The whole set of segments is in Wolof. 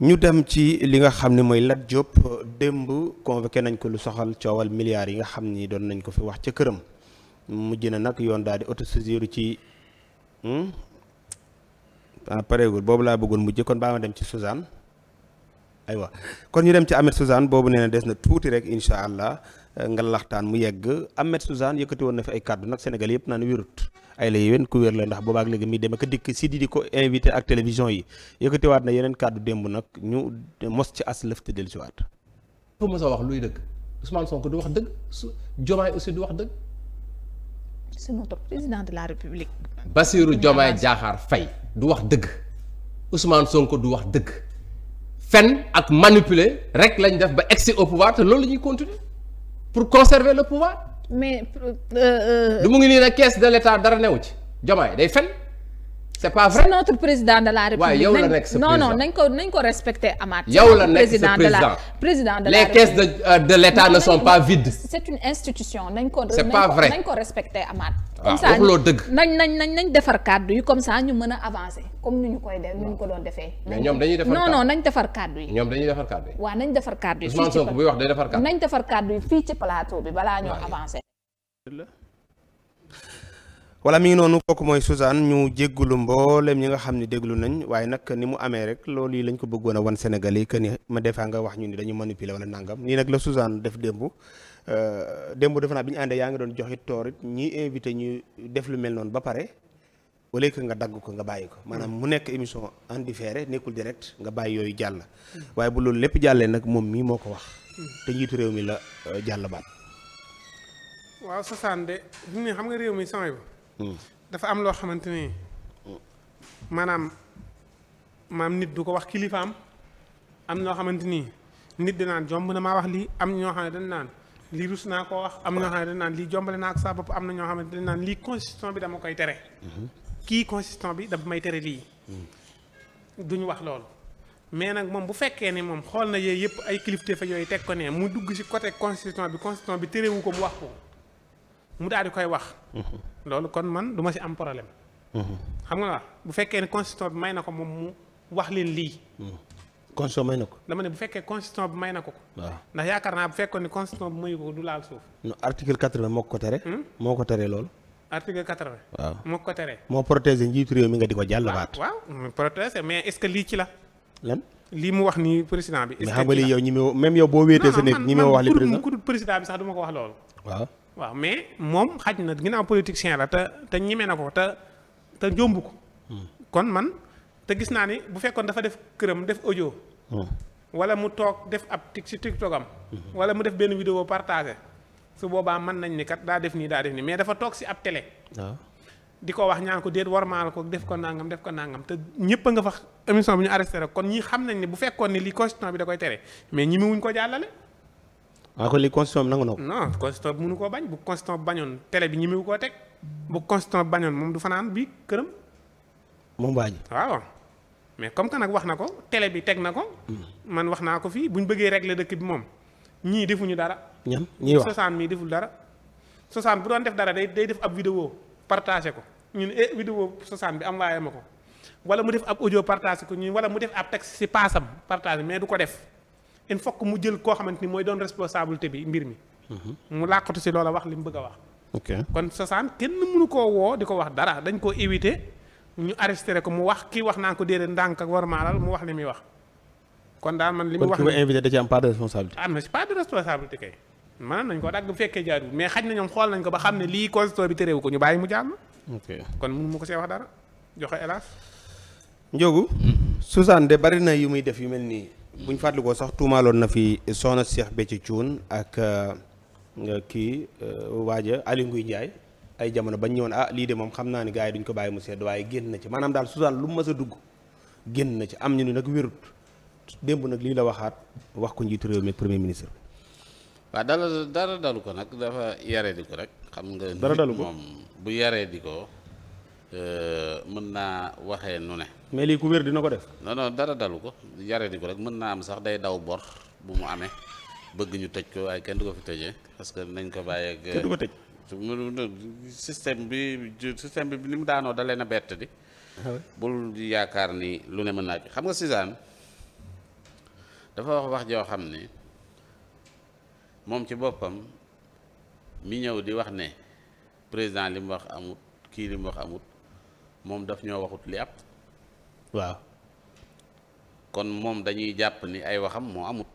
ñu dem ci li nga xam ne mooy Lat Diop démb convoqué nañ ko lu soxal coowal milliards yi nga xam ni doon nañ ko fi wax ca këram mujj na nag yoon daal di autosaisir ci hmm? ah pareegul boobu laa bëggoon mujj kon baa ma dem ci Suzanne aywa kon ñu dem ci Ameth Suzanne boobu nee des na tuuti rek incha allah. nga laxtaan mu yegg Ahmed Suzanne yëkkati woon na fi ay kàddu nag Sénégal yëpp naan wérut ay la yéwén ku la ndax boobaak léegi mi dem ak dikk si di di ko invité ak télévision yi yëkkatiwaat na yeneen kàddu démb nag ñu mos ci as lëf te dellusiwaat. dafa mos a wax luy dëgg Ousmane Sonko du wax dëgg su Diomaye aussi du wax dëgg. c'est notre président de la République. Bassirou Diomaye Diakhar Faye du wax dëgg Ousmane Sonko du wax dëgg fen ak manipuler rek lañu def ba egsi au loolu la ñuy continuer. pour conserver la pouvoir. mais. Euh, euh, du mu ngi nii nag caisse de l'État dara newu ci Diomaye day fen c'est pas vrai notre président de la république. yow la nekk président non non nañ ko nañ ko respecté Amath. yow la nekk sa président de la président de euh, de l'État ne sont pas vides. c'est une institution nañ ko. nañ ko respecté Amath. Ah, comme ça nañ nañ nañ nañ defar kàddu yi comme ça ñu mën avancé comme nu ñu koy def ni ñu ko doon defee. mais ñoom dañuy defar non non nañ defar kàddu yi. ñoom dañuy defar kàddu yi. waaw nañ defar kàddu yi. fii ci Ousmane Sonko buy wax day defar kàddu yi. nañ bi balaa ñoo avancer. wala mi ngi noonu kooku mooy Suzanne ñu jéggulu mboolem ñi nga xam ne déglu nañ waaye nag ni mu amee rek loolu yi lañ ko bëggoon a wan Sénégal yi que ni ma defaa nga wax ñu ni dañu manipuler wala nangam nii nag la Suzanne def démb euh, démb defe naa bi ñu àndee yaa ngi doon jox it toor it ñi invité ñu def lu mel noonu ba pare wala que nga dagg ko nga bàyyi ko maanaam mu nekk émission en différé nekkul direct nga bàyyi yooyu jàll hmm. waaye bu loolu lépp jàllee nag moom mii moo ko wax hmm. te njiitu réew mi la euh, jàll baat dafa am loo xamante ni maanaam maam nit du ko wax kilifaam am ñoo xamante ni nit di naan jomb na maa wax lii am ñoo xam ne dañ naan lii rus naa koo wax am ñoo xam ne dañ naan lii jombale naa ak sa bopp am na ñoo xam ne naan lii consistant bi dama koy tere kii consistant bi dafa may tere lii duñu wax loolu mais nag moom bu fekkee ne moom xool na yooyu yëpp ay kilifte fa yooyu teg ko nee mu dugg ci côté consistant bi consistant bi terewu ko mu wax ko daal di koy wax loolu kon man du si am problème. Mm-hmm. xam nga wax bu fekkee ne constitution bi may na ko moom mu wax leen lii. Mm-hmm. constitution may na ko. dama ne bu fekkee constitution bi may na ko ko. waaw ndax yaakaar naa bu fekkoon ne constitution bi mayu ko du hmm? moo ko tere. moo ko tere moo ko tere. mi nga di ko jàll baat. waaw mais est ce lii ci la. lan lii mu wax ni président bi. est ce que mais xam nga lii yow ñi même yow boo wéetee sa nekk ñi ma wax li président non man bi sax du ma ko wax loolu. waaw. waaw mais moom xaj na ginnaaw politicien la te te ñime na ko te te jomb ko. Hmm. kon man te gis naa ni bu fekkoon dafa def këram def audio. Hmm. wala mu toog def ab tik ci tiktokam. Hmm. wala mu def benn vidéo partagé su boobaa mën nañ ni kat daa def nii daa def nii mais dafa toog si ab télé. Ah. di ko wax ñaan ko déet warmaal ko def ko nangam def ko nangam te ñëpp a nga fa émission bi ñu arrêté kon ñi xam nañ ne bu fekkoon ni li constitution bi da koy tere mais ñi mu wuñ ko jàllale. waaw kon li constitution bi nangu na ko. non constitution bi mënu koo bañ bu constitution bañoon télé bi ñemewu koo teg bu constitution bañoon moom du fanaan bi këram. moom waa ji waaw. comme que nag wax na ko télé bi teg na ko. Hmm. man wax naa ko fii bu ñu bëggee régler dëkk bi moom ñii defuñu dara. ñan ñii wax sosaan mii deful dara. sosaan bu doon def dara day day def ab vidéo partagé ko ñun eh vidéo sosaan bi am waaye ma ko wala mu def ab audio partagé ko ñun wala mu def ab texte si paasam partagé mais du ko def. il faut mu jël koo xamante ni mooy doon responsabilité bi mbir mi. Mhm. mu làqatu si a wax li mu bëgg a wax. ok kon sosaan kenn mënu koo woo di ko wax dara dañ koo éviter ñu arrêté ko mu wax kii wax naa ko déedéet ndànk ak war maalal mu wax li muy wax. kon daal man li mu wax kon ki invité da ci am part ah, na ko dagg bu fekkee jaarul mais xaj na ñoom xool nañ ko ba xam ne lii constitution bi terewu ko ñu bàyyi mu jàll. ok kon mënu mu ko see wax dara joxe hélas. Ndiogou. Hmm. Suzanne de bari na yu muy def yu mel nii. bu ñu fàttalikoo sax tuumaaloon na fi soxna Cheikh Béthio Thioune ak euh, kii euh, waaja Aly Ngouille Ndiaye ay jamono bañ ñëwoon a ah, lii de moom xam naa ni gaa yi duñ ko bàyyi mu sedd waaye génn na ci maanaam daal Suzanne lu mu mës a dugg génn na ci am ñu ni nag wérut démb nag lii la waxaat wax ko njiitu réew mi ak premier ministre waaw dara dara dalu ko nag dafa yaree di ko rek xam nga. dara dalu ko moom bu yaree di ko. Euh, mën naa waxee nu ne. mais lii ku wér dina ko def. non dara dalu ko yare di ko rek mën naa am sax day daw bor bu mu amee bëgg ñu tëj ko waaye kenn du ko fi tëjee parce que nañ ko bàyyeeg. kenn du ko tëj. système bi système bi ni mu daanoo da leen a bett di. Ah bul yaakaar ni lu ne mën naa ci xam nga Suzanne dafa wax wax joo xam ne moom ci boppam mi ñëw di wax ne président li mu wax amut kii li mu wax amut. moom daf ñoo waxut li ab waaw kon moom dañuy jàpp ni ay waxam moo amut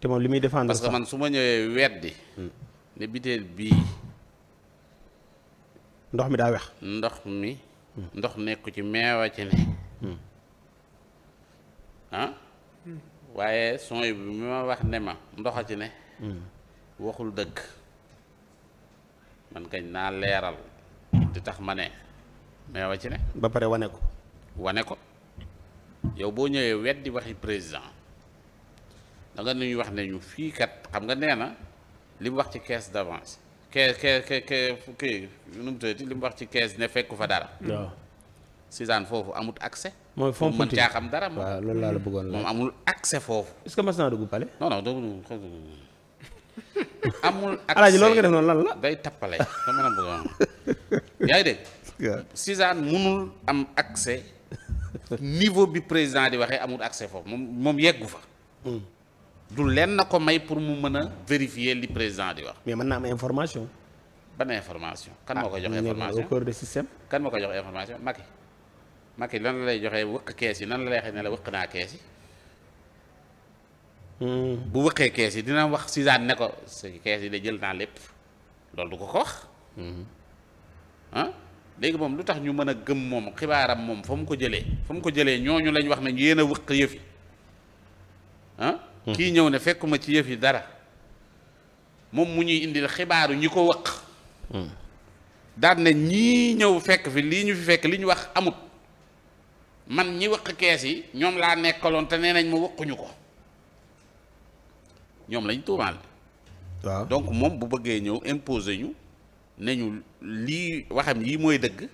te moom li muy défendre parce que man su ma ñëwee weddi hmm. ne biteel bii ndox mi daa wex ndox mi hmm. ndox nekku ci meewa ci ne hmm. Ah? waaye son bi ma wax ne ma ndoxa ci ne waxul dëgg man kañ naa leeral di tax ma ne mais wa ci ne. ba pare wane ko. wane ko yow boo ñëwee weddi waxi président da nga ñuy wax ne fii kat xam nga nee na li mu wax ci kees d'avance caisse caisse caisse kii nu mu tuddati wax ci caisse ne fekk fa dara. waaw foofu amut accès. mooy fond mën caa xam dara moom. la bëggoon moom amul accès foofu. est-ce que mas naa dugg pale. non non dugg amul. accès alaaji loolu nga def noonu lan la. day tappale. yaa ngi dégg. Suzanne munul am accès niveau bi président di waxee amul accès foofu moom moom yeggu fa. Hmm. du leen na ko may pour mu mën a vérifier li président di wax. mais mën naa am information. ba information. kan moo ah, koy jox information au corps de système. kan moo koy jox information Macky. Macky lan la lay joxee wëkk kees yi lan la lay waxee ne la wëkk naa kees yi. Hmm. bu wëkkee kees yi dina wax Suzanne ne ko kees yi de jël naa lépp loolu du ko ko wax. Hmm. léegi moom lu tax ñu mën a gëm moom xibaaram moom fa mu ko jëlee fa mu ko jëlee ñooñu lañ wax ne yéen a wëq yëf yi ah. Hmm. kii ñëw ne fekkuma ci yëf yi dara moom mu ñuy indil xibaaru ñi ko wëq. Hmm. daan ne ñii ñëw fekk fi lii ñu fi fekk li ñu wax amut man ñi wëq kees yi ñoom laa nekkaloon te nee nañ ma wëquñu ko ñoom lañ tuumaal. waaw donc moom bu bëggee ñëw imposer ñu. ne ñu lii waxam yi mooy dëgg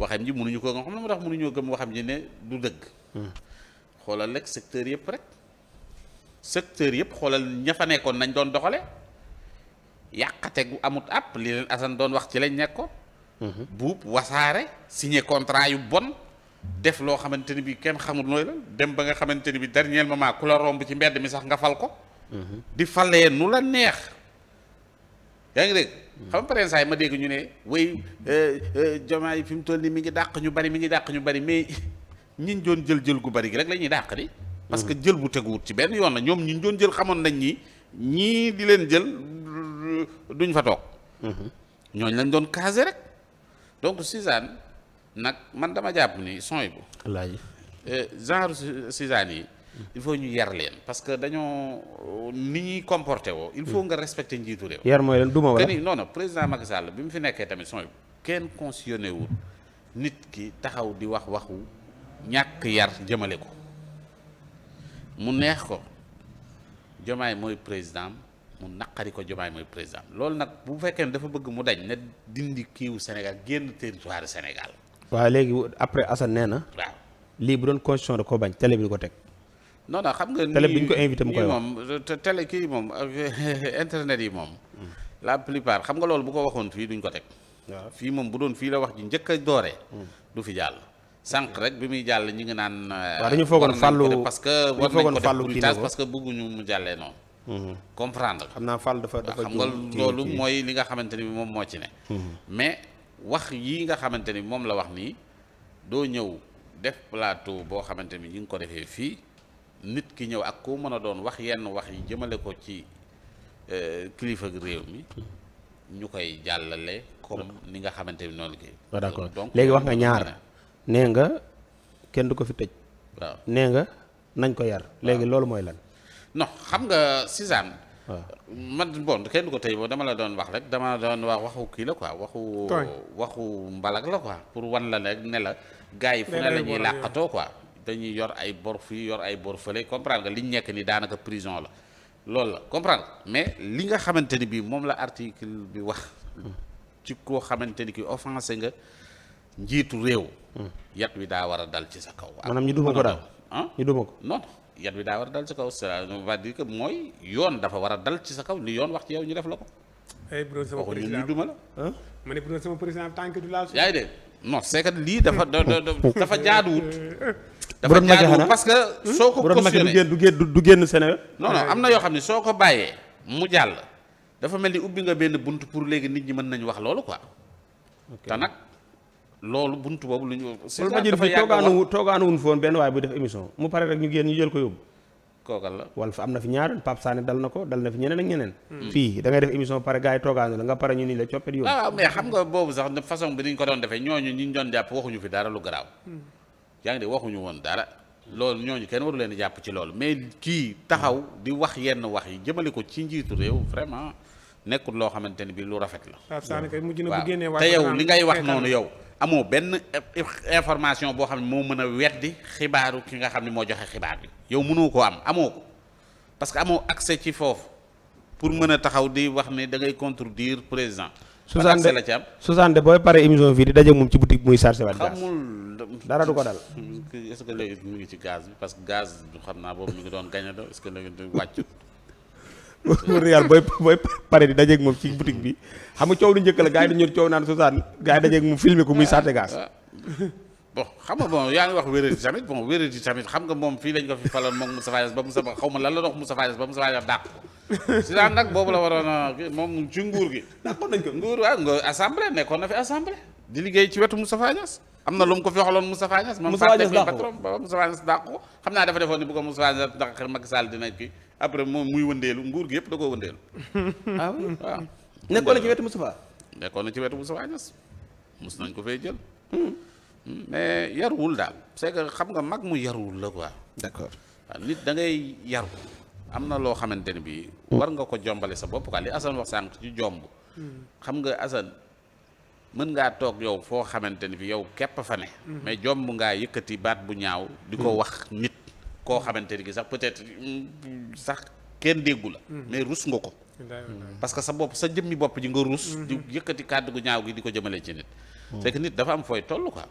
waxam ji mënuñu ko nga xam ne moo tax mënuñoo gëm waxam ji ne du dëgg. Hmm. xoolal rek secteur yëpp rek secteur yëpp xoolal ña fa nekkoon nañ doon doxale yàqate gu amut àpp li leen Assane doon wax ci lañ ko hmm. buub wasaare signé contrat yu bon. def loo xamante ni bi kenn xamul nooy la dem ba nga xamante ni bi dernier moment ku la romb ci mbedd mi sax nga fal ko. Hmm. di falee la neex yaa ngi dégg. xam nga pare ma dégg ñu ne way jomaay euh, euh, fi mu toll nii mi ngi dàq ñu bari mi ngi dàq ñu bari mais ñi ñu doon jël jël gu bari gi rek la ñuy dàq di. parce que jël bu teguwut ci benn yoon la ñoom ñu ñu doon jël xamoon nañ ñi ñii di leen jël duñ fa toog. ñooñ lañ doon caser rek donc Suzanne nag man dama jàpp ni son yi. wallaahi euh, genre Suzanne yi. il faut ñu yar leen parce que dañoo ni ñuy comporté woo. il faut nga respecter njiitu réew. yar mooy leen duma wala ni non non président Macky Sall bi mu fi nekkee tamit son kenn cautionné wul nit ki taxaw di wax waxu ñàkk yar jëmale ko mu neex ko jomaay mooy président mu naqari ko jomaay mooy président loolu nag bu fekkee ne dafa bëgg mu dañ ne dindi kiiwu Sénégal génn territoire Sénégal. waa léegi après Assane nee na. waaw lii bu doon constitution da ko bañ teg. non non xam nga. télé bi ñu ko invité mu koy wax moom télé kii moom internet yi moom. la plupart xam nga loolu bu ko waxoon fii duñ ko teg. fii moom bu doon fii la wax ji njëkk a dooree. du fi jàll. sànq rek bi muy jàll ñi nga naan. waaw dañu foogoon fàllu parce que war nañ ko def parce que bëgguñu mu jàllee noonu. Mhm. comprendre xam naa fàll dafa dafa xam nga loolu mooy li nga xamante ni moom moo ci ne. Mhm. mais wax yii nga xamante ni moom la wax nii doo ñëw def plateau boo xamante ni ñu ngi ko defee fii. nit ki ñëw ak ku mën a doon wax yenn wax yi jëmale ko ci euh, kilifa réew mi ñu koy jàllale comme ni nga xamante ni noonu ki d'accord léegi wax nga ñaar nee nga kenn du ko fi tëj waaw nee nga nañ ko yar léegi loolu mooy lan non xam nga sisaan man bon kenn du ko tëj boobu dama la doon wax rek dama la doon wax waxu kii la ko waxu waxu mbalak la quoi pour wan la rek ne la gars yi fu ne la làqatoo quoi dañuy yor ay bor fii yor ay bor fële comprendre nga liñ nekk ni daanaka prison la loolu la comprendre mais li nga xamante ni bii moom la article bi wax ci koo xamante ni ki offensé nga njiitu réew yat wi daa war a dal ci sa kaw maanaam ñu duma ko daal ah ñu duma ko non yat wi daa war a kaw cela veut dire que mooy yoon dafa war a dal ci sa kaw li yoon wax ci yow ñu def la ko ay bu doon sama président ñu duma la ma ne bu doon lii dafa dafa jaaduwut dafa jaadu parce que hmm? soo ko cautionné du génn du génn am na yoo xam ne soo ko bàyyee mu jàll dafa mel ni ubbi nga benn bunt pour léegi nit ñi mën nañu wax loolu quoi te nag loolu buntu boobu lu ñu dafa yàgg toogaanu toogaanu wuñ foon benn bu def émission mu pare rek ñu génn ñu jël ko la wala fa am na fi ñaar Pape Sané ko dal na fi ñeneen ñeneen hmm. fii da ngay def émission pare gars yi toogaanu la nga pare ñu ni la coppet yóbbu waaw ah, mais xam nga boobu sax façon bi niñ ko doon defee ñooñu ñi ñu doon jàpp waxuñu fi dara lu garaaw hmm. yaa ngi de waxuñu woon dara loolu ñooñu kenn waru leen di jàpp ci loolu mais kii taxaw di wax yenn wax yi jëmale ko ci njiitu réew vraiment nekkul loo xamante ni bi lu rafet la. waaw te yow li ngay wax noonu yow. amoo benn information boo xam ne moo mën a weddi xibaaru ki nga xam ne moo joxe xibaar bi yow mënoo ko am amoo ko parce que amoo accès ci foofu pour mën a taxaw di wax ne da ngay contredire président. ban accès la ci am Suzanne de Suzanne de booy pare émission fii di daje moom ci boutique dara du ko dal. est ce que léegi mu ngi ci gaz bi parce que gaz du xam naa boobu mi ngi doon gañado est ce que léegi du wàccut. boobu la waroon a moom ci nguur gi. nguur waaw ah, nga assemblée nekkoon na fi assemblée di liggéey ci wetu Moustapha Niasse am na lu mu ko fi waxaloon Moustapha Niass moom fàtte ko dàq ko xam naa dafa defoon ni bu ko Moustapha Niass dàq xel Macky Sall dina kii après muy wëndeelu nguur gi yëpp da koo wëndeelu ah oui waaw nekkoon na ci wetu Moustapha nekkoon na ci wetu Moustapha Niass mos nañ ko fay jël mais yaruwul daal c'est xam nga mag mu yaruwul la quoi d'accord nit da ngay yaru am na loo xamante ne bii war nga ko jombale sa bopp quoi li Assane wax sànq ci jomb hmm. xam nga Assane mën ngaa toog yow foo xamante ni fi yow képp fa ne. Mhm. mais jomb ngaa yëkkati baat bu ñaaw. di ko mhm. wax nit. koo xamante ni sax peut-être sax kenn déggu la. Mhm. mais rus nga ko. parce que sa bopp sa jëmmi bopp ji nga rus. di yëkkati kàddu gu ñaaw gi di ko jëmale ci nit. c'est nit dafa am fooy toll quoi.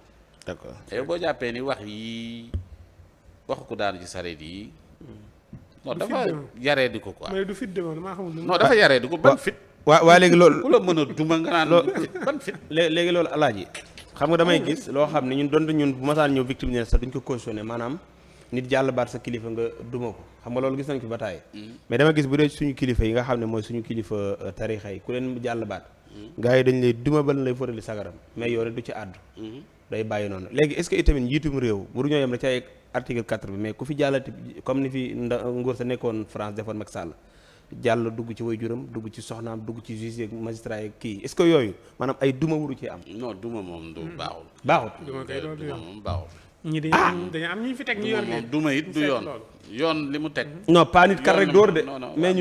d'accord yow boo jàppee ni wax yi waxu ko daanu ci sareet yi. non dafa yaree di ko quoi. mais du fit demoon maa xamul dafa yaree di ko ban fit. waa waa léegi loolu. ku la mën a duma nga léegi loolu alaaji xam nga damay gis loo xam ne ñun donte ñun bu masaan ñëw victime ne sax duñ ko cautionné maanaam nit jàll baat sa nga duma xam nga loolu gis nañ ko bataay mm. mais dama gis bu dee suñu kilifa yi nga xam ne mooy suñu kilifa euh, tarixa yi ku leen jàll baat mm. gars yi dañ lay duma ba lay fotali sagaram mais yow rek du ci àddu mm-hmm. day bàyyi noonu léegi est ce que itamit njiitum réew waruñoo yem rek ci ay article 4 bi mais ku fi jàllati comme ni fi nguur sa nekkoon France defoon mag Sall jàll dugg ci way waajuram dugg ci soxnaam dugg ci juge yeeg magistrat yeeg kii est-ce que yooyu maanaam ay duma waru ci am. non duma moom du hmm. baaxul. baaxul duma kay doon du yoon moom baaxul. Ah! ñi am dañu am fi teg ñu yor leen duma it du yoon yoon li mu teg. Hmm. non pas nit kar rek dóor de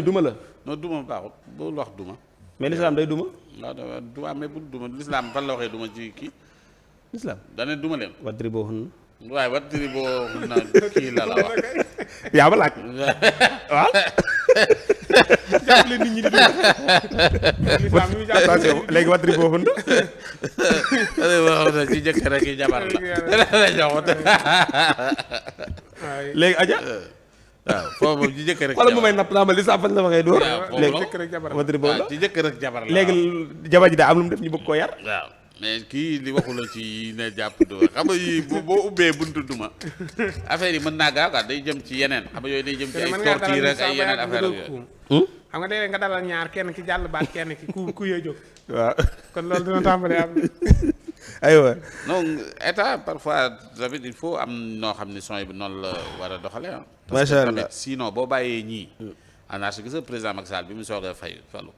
duma la. non duma baaxul bul wax duma. mais l'islam day duma. da duma mais bul duma l'islam fan la waxee duma ci kii. l'islam da duma leen. wadribuhunna. waaye wadribuhunna kii la la wax. yaa ma laaj waaw. jàppale nit ñi di dund. léegi watri boobu la. xam ci jëkkër ak foofu ci jëkkër ak jabar li sàfal la ma ngay dóor. léegi watri boobu la ci jëkkër ak jabar la. léegi ji daa am lu mu def ñu bëgg koo yar. waaw mais kii li waxu la ci ne jàpp duma xam nga yii boo ubbee buntu duma affaire yi mën naa gaaw quoi day jëm ci yeneen xam nga yooyu day jëm ci ay torture ak ay yeneen affaire yooyu xam nga léeg-léeg nga dalal ñaar kenn ki jàll baat kenn ki ku ku yee jóg. waaw kon loolu dina tàmbale am. aywa non état parfois tamit il faut am noo xam ne son bi noonu la war a doxalee ah. macha allah parce que tamit sinon boo bàyyee ñii. anarchie gis nga président Macky bi mu soog a fay falu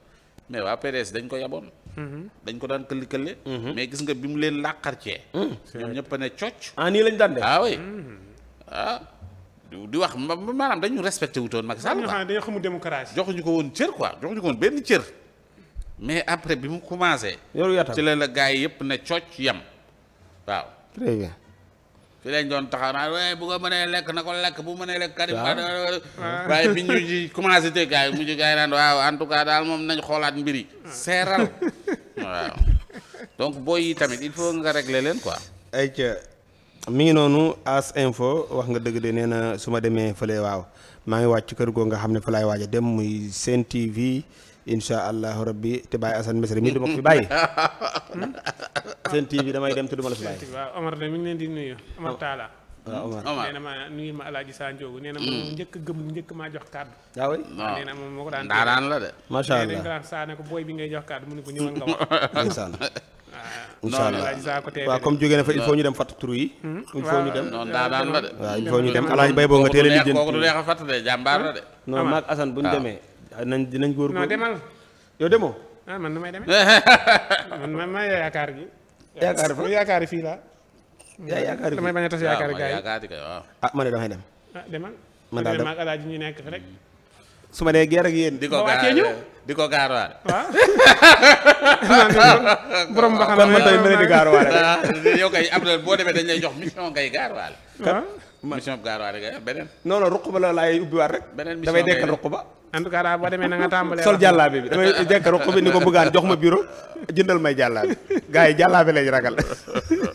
mais waa PDS dañ ko yaboon. Mm-hmm. dañ ko daan këlli këlle. Mm-hmm. mais gis nga bi mu leen làqarcee. Mm. ñoom ñëpp a ne cocc. ah nii lañ daan def ah, mm-hmm. ah. di wax maanaam dañu respecté wutoon Macky Sall quoi dañoo xamul démocratie joxuñu ko woon cër quoi joxuñu ko woon benn cër mais après bi mu commencé. ci la la gars yi yëpp ne cooc yem waaw. très bien. fi lañ doon taxaw naan waaye bu ko mënee lekk na ko lekk bu mënee lekk. Karim waaye bi ñu ci commencé te gars yi mujj gars yi naan waaw en tout cas daal moom nañ xoolaat mbir yi. seeral waaw donc booy yi tamit il faut nga régler leen quoi. mi ngi noonu as info wax nga dëgg de nee na su ma demee fële waaw maa ngi wàcc kër goo nga xam ne fa laay waaj dem muy Sen TV incha allahu rabbi te bàyyi Assane Mesere mii du ma ko fi bàyyi. Hmm? Sen TV damay dem te du ma la fi bàyyi. waaw Omar de mi ngi leen di nuyu Omar Talla. waaw Omar nee na ma nuyu ma El nee na hmm. njëkk gëm njëkk maa jox kàddu. waaw nee na moom moo ko daan. daaraan la de. macha allah ko booy bi ngay jox kàddu mu ne ko ñëwal nga wax. incha allah waaw comme jógee na fa il faut ñu dem fàtt tur il faut ñu dem noonu de. waaw il faut ñu dem alaaj bay boo nga teel a lijjanti kooku du neex a de jàmbaar la de. Hmm? non maag Assane bu ñu demee. nañ dinañ góor góor demoo. Ah, man nu may demee man man maa yaakaar gi. yaakaar fa yaakaar fii laa. yaa yaakaar fii damay bañ a tas yaakaar ah, gars yi ah man de damay dem. ah demal man daal dem man de maag ñu nekk fi rek. su ma dee geer ak yéen. di ko gaar di ko gaar waale. waaw. borom ba xam ne tey mën di gaar waale rek. Ah, yow kay boo demee dañ lay jox mission ngay gaar waale. Ah. mission gaar waale kay beneen. non non ruq laay ubbiwaat rek. beneen mission damay dekkal ruq ba. en tout cas daal boo demee na nga tàmbalee. sol jàllaabe bi damay dekkal ruq bi ni ko bëggaan jox ma bureau jëndal may jàllaabe gaa yi jàllaabe lañ ragal.